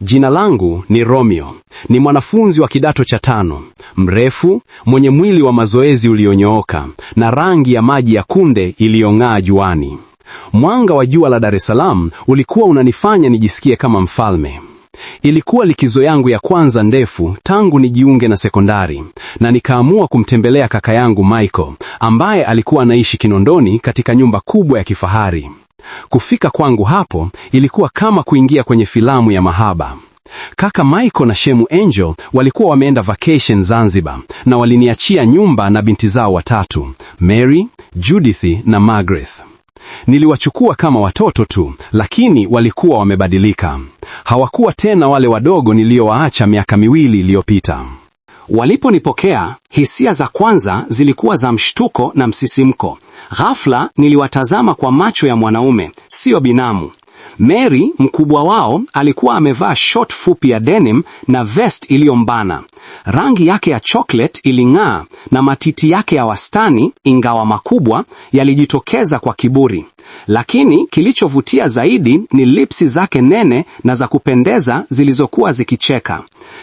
Jina langu ni Romeo, ni mwanafunzi wa kidato cha tano, mrefu, mwenye mwili wa mazoezi ulionyooka na rangi ya maji ya kunde iliyong'aa juani. Mwanga wa jua la Dar es Salaam ulikuwa unanifanya nijisikie kama mfalme. Ilikuwa likizo yangu ya kwanza ndefu tangu nijiunge na sekondari, na nikaamua kumtembelea kaka yangu Michael ambaye alikuwa anaishi Kinondoni katika nyumba kubwa ya kifahari. Kufika kwangu hapo ilikuwa kama kuingia kwenye filamu ya mahaba. Kaka Michael na Shemu Angel walikuwa wameenda vacation Zanzibar na waliniachia nyumba na binti zao watatu, Mary, Judith na Margaret. Niliwachukua kama watoto tu, lakini walikuwa wamebadilika. Hawakuwa tena wale wadogo niliowaacha miaka miwili iliyopita. Waliponipokea, hisia za kwanza zilikuwa za mshtuko na msisimko. Ghafla niliwatazama kwa macho ya mwanaume, siyo binamu. Mary, mkubwa wao, alikuwa amevaa short fupi ya denim na vest iliyombana. Rangi yake ya chocolate iling'aa na matiti yake ya wastani, ingawa makubwa, yalijitokeza kwa kiburi. Lakini kilichovutia zaidi ni lipsi zake nene na za kupendeza zilizokuwa zikicheka.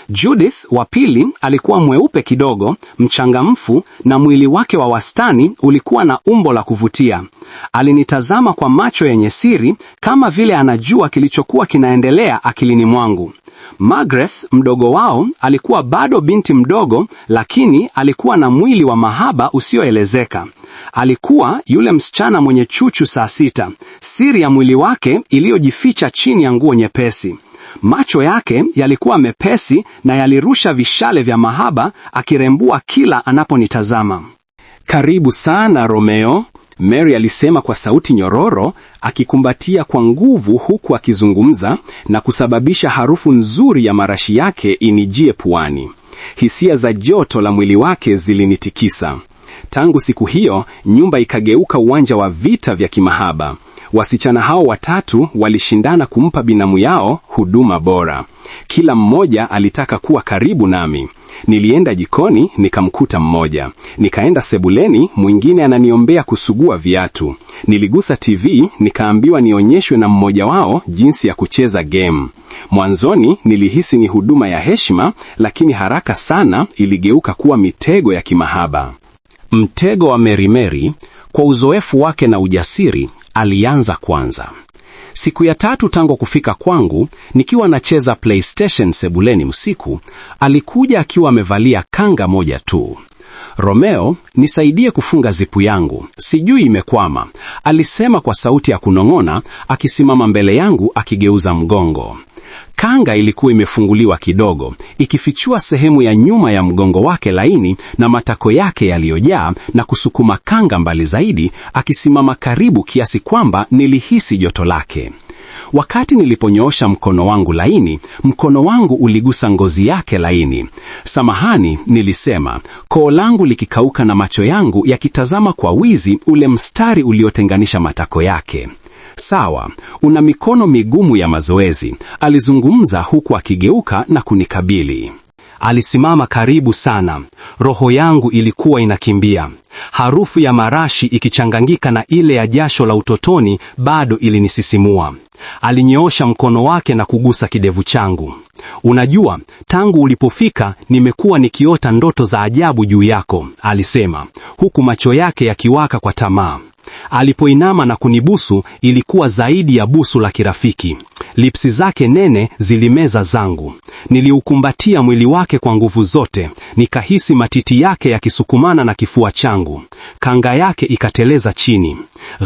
Judith wa pili alikuwa mweupe kidogo, mchangamfu na mwili wake wa wastani ulikuwa na umbo la kuvutia. Alinitazama kwa macho yenye siri kama vile anajua kilichokuwa kinaendelea akilini mwangu. Magreth mdogo wao alikuwa bado binti mdogo, lakini alikuwa na mwili wa mahaba usioelezeka. Alikuwa yule msichana mwenye chuchu saa sita, siri ya mwili wake iliyojificha chini ya nguo nyepesi. Macho yake yalikuwa mepesi na yalirusha vishale vya mahaba, akirembua kila anaponitazama. Karibu sana Romeo, Mary alisema kwa sauti nyororo, akikumbatia kwa nguvu huku akizungumza na kusababisha harufu nzuri ya marashi yake inijie puani. Hisia za joto la mwili wake zilinitikisa. Tangu siku hiyo, nyumba ikageuka uwanja wa vita vya kimahaba. Wasichana hao watatu walishindana kumpa binamu yao huduma bora. Kila mmoja alitaka kuwa karibu nami. Nilienda jikoni nikamkuta mmoja, nikaenda sebuleni mwingine ananiombea kusugua viatu. Niligusa TV nikaambiwa nionyeshwe na mmoja wao jinsi ya kucheza game. Mwanzoni nilihisi ni huduma ya heshima, lakini haraka sana iligeuka kuwa mitego ya kimahaba. Mtego wa Merimeri, kwa uzoefu wake na ujasiri, alianza kwanza. Siku ya tatu tangu kufika kwangu, nikiwa nacheza PlayStation sebuleni usiku, alikuja akiwa amevalia kanga moja tu. Romeo, nisaidie kufunga zipu yangu, sijui imekwama, alisema kwa sauti ya kunong'ona, akisimama mbele yangu akigeuza mgongo. Kanga ilikuwa imefunguliwa kidogo, ikifichua sehemu ya nyuma ya mgongo wake laini na matako yake yaliyojaa, na kusukuma kanga mbali zaidi, akisimama karibu kiasi kwamba nilihisi joto lake. Wakati niliponyoosha mkono wangu laini, mkono wangu uligusa ngozi yake laini. Samahani, nilisema, koo langu likikauka na macho yangu yakitazama kwa wizi ule mstari uliotenganisha matako yake. Sawa, una mikono migumu ya mazoezi, alizungumza huku akigeuka na kunikabili. Alisimama karibu sana. Roho yangu ilikuwa inakimbia. Harufu ya marashi ikichanganyika na ile ya jasho la utotoni bado ilinisisimua. Alinyoosha mkono wake na kugusa kidevu changu. Unajua, tangu ulipofika nimekuwa nikiota ndoto za ajabu juu yako, alisema, huku macho yake yakiwaka kwa tamaa. Alipoinama na kunibusu, ilikuwa zaidi ya busu la kirafiki. Lipsi zake nene zilimeza zangu. Niliukumbatia mwili wake kwa nguvu zote, nikahisi matiti yake yakisukumana na kifua changu. Kanga yake ikateleza chini.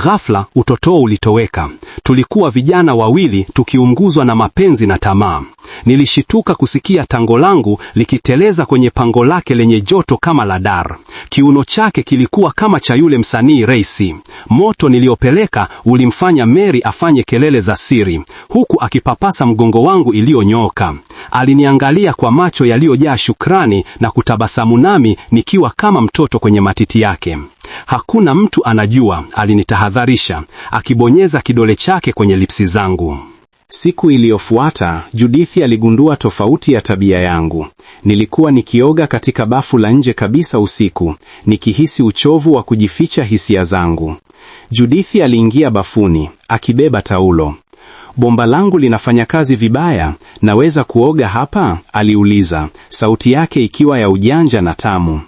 Ghafla utotoo ulitoweka. Tulikuwa vijana wawili tukiunguzwa na mapenzi na tamaa. Nilishituka kusikia tango langu likiteleza kwenye pango lake lenye joto kama la Dar. Kiuno chake kilikuwa kama cha yule msanii Reisi. Moto niliopeleka ulimfanya Mary afanye kelele za siri huku akipapasa mgongo wangu iliyonyoka. Aliniangalia kwa macho yaliyojaa shukrani na kutabasamu, nami nikiwa kama mtoto kwenye matiti yake. Hakuna mtu anajua, alinitahadharisha, akibonyeza kidole chake kwenye lipsi zangu. Siku iliyofuata Judithi aligundua tofauti ya tabia yangu. Nilikuwa nikioga katika bafu la nje kabisa usiku, nikihisi uchovu wa kujificha hisia zangu. Judithi aliingia bafuni akibeba taulo bomba langu linafanya kazi vibaya, naweza kuoga hapa? aliuliza, sauti yake ikiwa ya ujanja na tamu.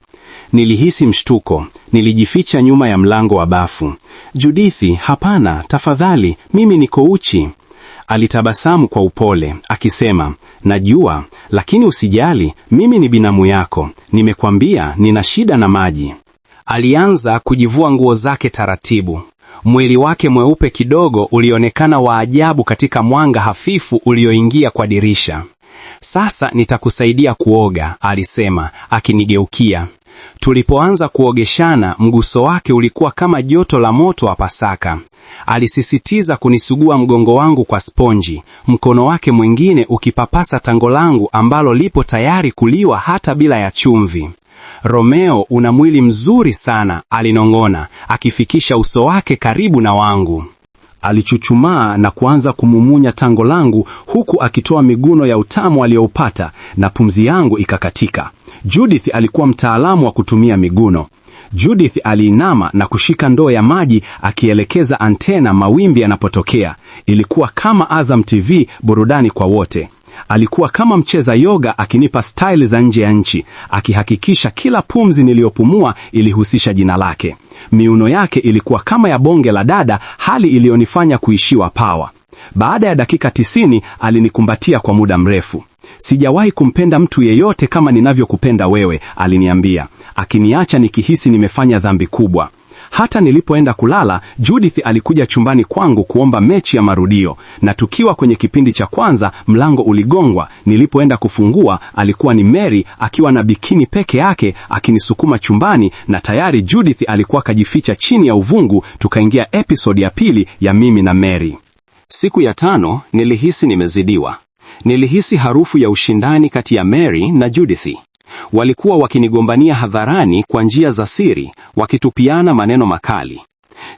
Nilihisi mshtuko, nilijificha nyuma ya mlango wa bafu. Judithi, hapana tafadhali, mimi niko uchi. Alitabasamu kwa upole akisema, najua, lakini usijali, mimi ni binamu yako, nimekwambia nina shida na maji. Alianza kujivua nguo zake taratibu. Mwili wake mweupe kidogo ulionekana wa ajabu katika mwanga hafifu ulioingia kwa dirisha. Sasa nitakusaidia kuoga, alisema akinigeukia. Tulipoanza kuogeshana, mguso wake ulikuwa kama joto la moto wa Pasaka. Alisisitiza kunisugua mgongo wangu kwa sponji, mkono wake mwingine ukipapasa tango langu ambalo lipo tayari kuliwa hata bila ya chumvi. Romeo, una mwili mzuri sana, alinong'ona, akifikisha uso wake karibu na wangu. Alichuchumaa na kuanza kumumunya tango langu huku akitoa miguno ya utamu aliyoupata na pumzi yangu ikakatika. Judith alikuwa mtaalamu wa kutumia miguno. Judith aliinama na kushika ndoo ya maji akielekeza antena mawimbi yanapotokea. Ilikuwa kama Azam TV burudani kwa wote. Alikuwa kama mcheza yoga akinipa style za nje ya nchi, akihakikisha kila pumzi niliyopumua ilihusisha jina lake. Miuno yake ilikuwa kama ya bonge la dada, hali iliyonifanya kuishiwa pawa. Baada ya dakika tisini alinikumbatia kwa muda mrefu. Sijawahi kumpenda mtu yeyote kama ninavyokupenda wewe, aliniambia, akiniacha nikihisi nimefanya dhambi kubwa. Hata nilipoenda kulala, Judith alikuja chumbani kwangu kuomba mechi ya marudio, na tukiwa kwenye kipindi cha kwanza, mlango uligongwa. Nilipoenda kufungua, alikuwa ni Mary akiwa na bikini peke yake akinisukuma chumbani, na tayari Judith alikuwa kajificha chini ya uvungu. Tukaingia episodi ya pili ya mimi na Mary. Siku ya tano nilihisi nimezidiwa. Nilihisi harufu ya ushindani kati ya Mary na Judith. Walikuwa wakinigombania hadharani kwa njia za siri, wakitupiana maneno makali.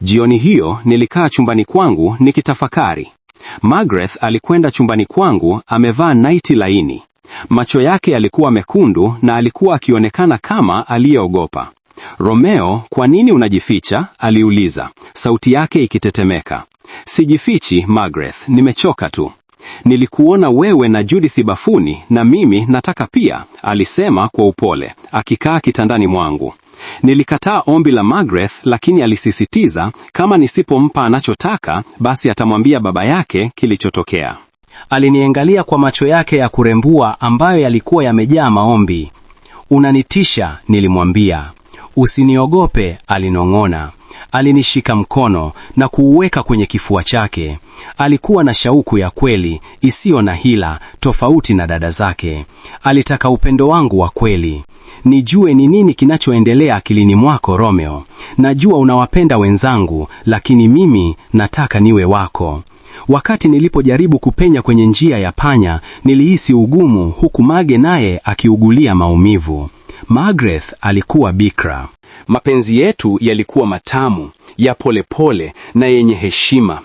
Jioni hiyo nilikaa chumbani kwangu nikitafakari. Magreth alikwenda chumbani kwangu amevaa naiti laini. Macho yake yalikuwa mekundu na alikuwa akionekana kama aliyeogopa. Romeo, kwa nini unajificha? aliuliza, sauti yake ikitetemeka. Sijifichi Magreth, nimechoka tu. Nilikuona wewe na Judith bafuni na mimi nataka pia, alisema kwa upole, akikaa kitandani mwangu. Nilikataa ombi la magreth lakini alisisitiza kama nisipompa anachotaka basi atamwambia baba yake kilichotokea. Aliniangalia kwa macho yake ya kurembua ambayo yalikuwa yamejaa maombi. Unanitisha, nilimwambia. Usiniogope, alinong'ona. Alinishika mkono na kuuweka kwenye kifua chake. Alikuwa na shauku ya kweli isiyo na hila, tofauti na dada zake. Alitaka upendo wangu wa kweli. Nijue ni nini kinachoendelea akilini mwako Romeo. Najua unawapenda wenzangu, lakini mimi nataka niwe wako. Wakati nilipojaribu kupenya kwenye njia ya panya, nilihisi ugumu, huku Mage naye akiugulia maumivu. Margaret alikuwa bikra. Mapenzi yetu yalikuwa matamu, ya polepole pole na yenye heshima.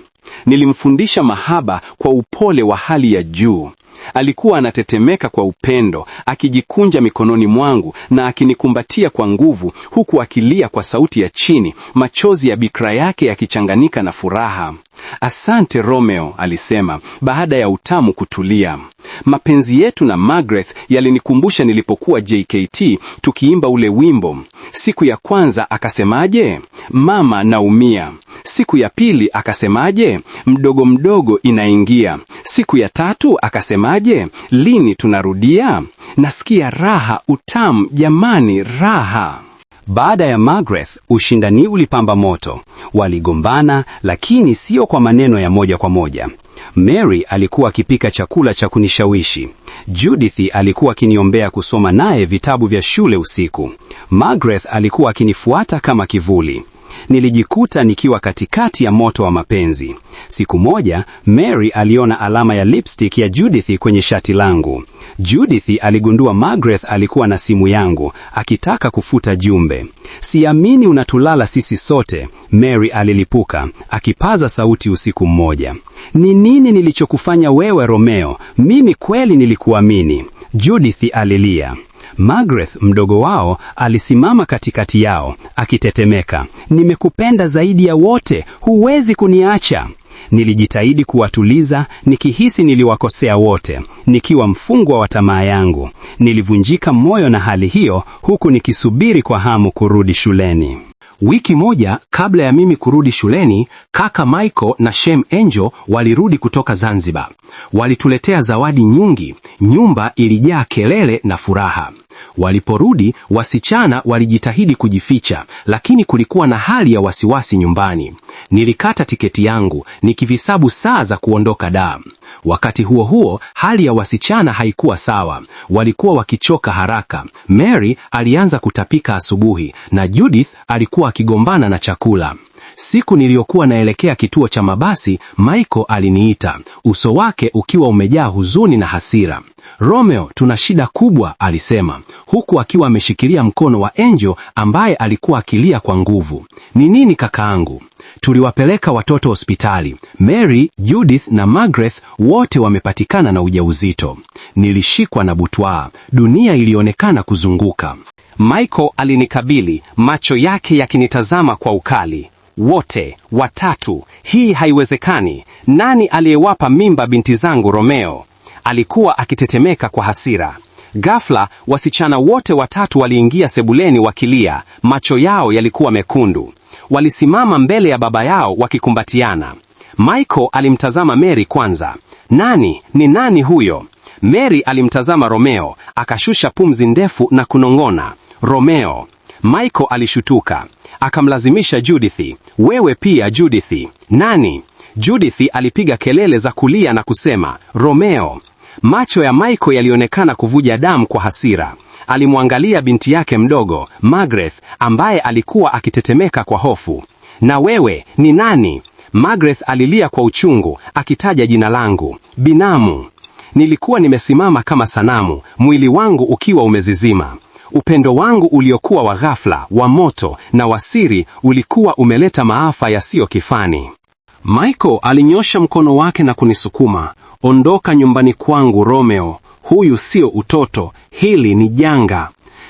Nilimfundisha mahaba kwa upole wa hali ya juu. Alikuwa anatetemeka kwa upendo, akijikunja mikononi mwangu na akinikumbatia kwa nguvu, huku akilia kwa sauti ya chini, machozi ya bikra yake yakichanganyika na furaha. Asante Romeo, alisema baada ya utamu kutulia. Mapenzi yetu na magreth yalinikumbusha nilipokuwa JKT tukiimba ule wimbo. Siku ya kwanza akasemaje? Mama naumia. Siku ya pili akasemaje? Mdogo mdogo inaingia. Siku ya tatu akasemaje? Lini tunarudia? Nasikia raha, utamu, jamani, raha. Baada ya Magreth, ushindani ulipamba moto. Waligombana, lakini sio kwa maneno ya moja kwa moja. Mary alikuwa akipika chakula cha kunishawishi. Judith alikuwa akiniombea kusoma naye vitabu vya shule usiku. Magreth alikuwa akinifuata kama kivuli. Nilijikuta nikiwa katikati ya moto wa mapenzi. Siku moja, Mary aliona alama ya lipstick ya Judith kwenye shati langu. Judith aligundua Margaret alikuwa na simu yangu, akitaka kufuta jumbe. Siamini unatulala sisi sote, Mary alilipuka, akipaza sauti usiku mmoja. Ni nini nilichokufanya wewe Romeo? Mimi kweli nilikuamini. Judith alilia. Magreth mdogo wao alisimama katikati yao akitetemeka. Nimekupenda zaidi ya wote, huwezi kuniacha. Nilijitahidi kuwatuliza nikihisi niliwakosea wote, nikiwa mfungwa wa tamaa yangu. Nilivunjika moyo na hali hiyo, huku nikisubiri kwa hamu kurudi shuleni. Wiki moja kabla ya mimi kurudi shuleni, kaka Michael na Shem Angel walirudi kutoka Zanzibar. Walituletea zawadi nyingi, nyumba ilijaa kelele na furaha. Waliporudi, wasichana walijitahidi kujificha, lakini kulikuwa na hali ya wasiwasi nyumbani. Nilikata tiketi yangu nikivisabu saa za kuondoka Dar. Wakati huo huo, hali ya wasichana haikuwa sawa, walikuwa wakichoka haraka. Mary alianza kutapika asubuhi na Judith alikuwa akigombana na chakula. Siku niliyokuwa naelekea kituo cha mabasi, Michael aliniita, uso wake ukiwa umejaa huzuni na hasira. Romeo, tuna shida kubwa, alisema, huku akiwa ameshikilia mkono wa Angel ambaye alikuwa akilia kwa nguvu. Ni nini kakaangu? Tuliwapeleka watoto hospitali. Mary, Judith na Margaret wote wamepatikana na ujauzito. Nilishikwa na butwaa, dunia ilionekana kuzunguka. Michael alinikabili, macho yake yakinitazama kwa ukali wote watatu. Hii haiwezekani. Nani aliyewapa mimba binti zangu Romeo? Alikuwa akitetemeka kwa hasira. Ghafla wasichana wote watatu waliingia sebuleni wakilia, macho yao yalikuwa mekundu. Walisimama mbele ya baba yao wakikumbatiana. Michael alimtazama Mary kwanza. Nani ni nani huyo? Mary alimtazama Romeo, akashusha pumzi ndefu na kunong'ona, Romeo. Michael alishutuka akamlazimisha Judithi, wewe pia Judithi. Nani? Judithi alipiga kelele za kulia na kusema Romeo. Macho ya Michael yalionekana kuvuja damu kwa hasira. Alimwangalia binti yake mdogo Margaret, ambaye alikuwa akitetemeka kwa hofu. Na wewe ni nani? Margaret alilia kwa uchungu, akitaja jina langu, binamu. Nilikuwa nimesimama kama sanamu, mwili wangu ukiwa umezizima. Upendo wangu uliokuwa wa ghafla, wa moto na wa siri ulikuwa umeleta maafa yasiyo kifani. Michael alinyosha mkono wake na kunisukuma. Ondoka nyumbani kwangu, Romeo. Huyu sio utoto, hili ni janga.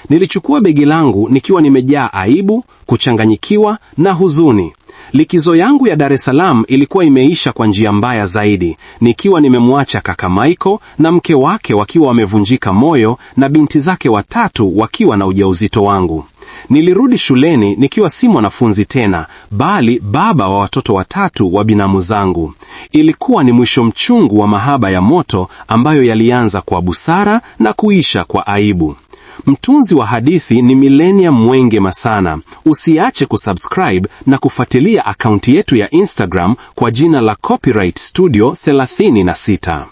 Nilichukua begi langu nikiwa nimejaa aibu, kuchanganyikiwa na huzuni. Likizo yangu ya Dar es Salaam ilikuwa imeisha kwa njia mbaya zaidi, nikiwa nimemwacha kaka Maiko na mke wake wakiwa wamevunjika moyo na binti zake watatu wakiwa na ujauzito wangu. Nilirudi shuleni nikiwa si mwanafunzi tena, bali baba wa watoto watatu wa binamu zangu. Ilikuwa ni mwisho mchungu wa mahaba ya moto ambayo yalianza kwa busara na kuisha kwa aibu. Mtunzi wa hadithi ni Milenia Mwenge Masana. Usiache kusubscribe na kufuatilia akaunti yetu ya Instagram kwa jina la Copyright Studio 36.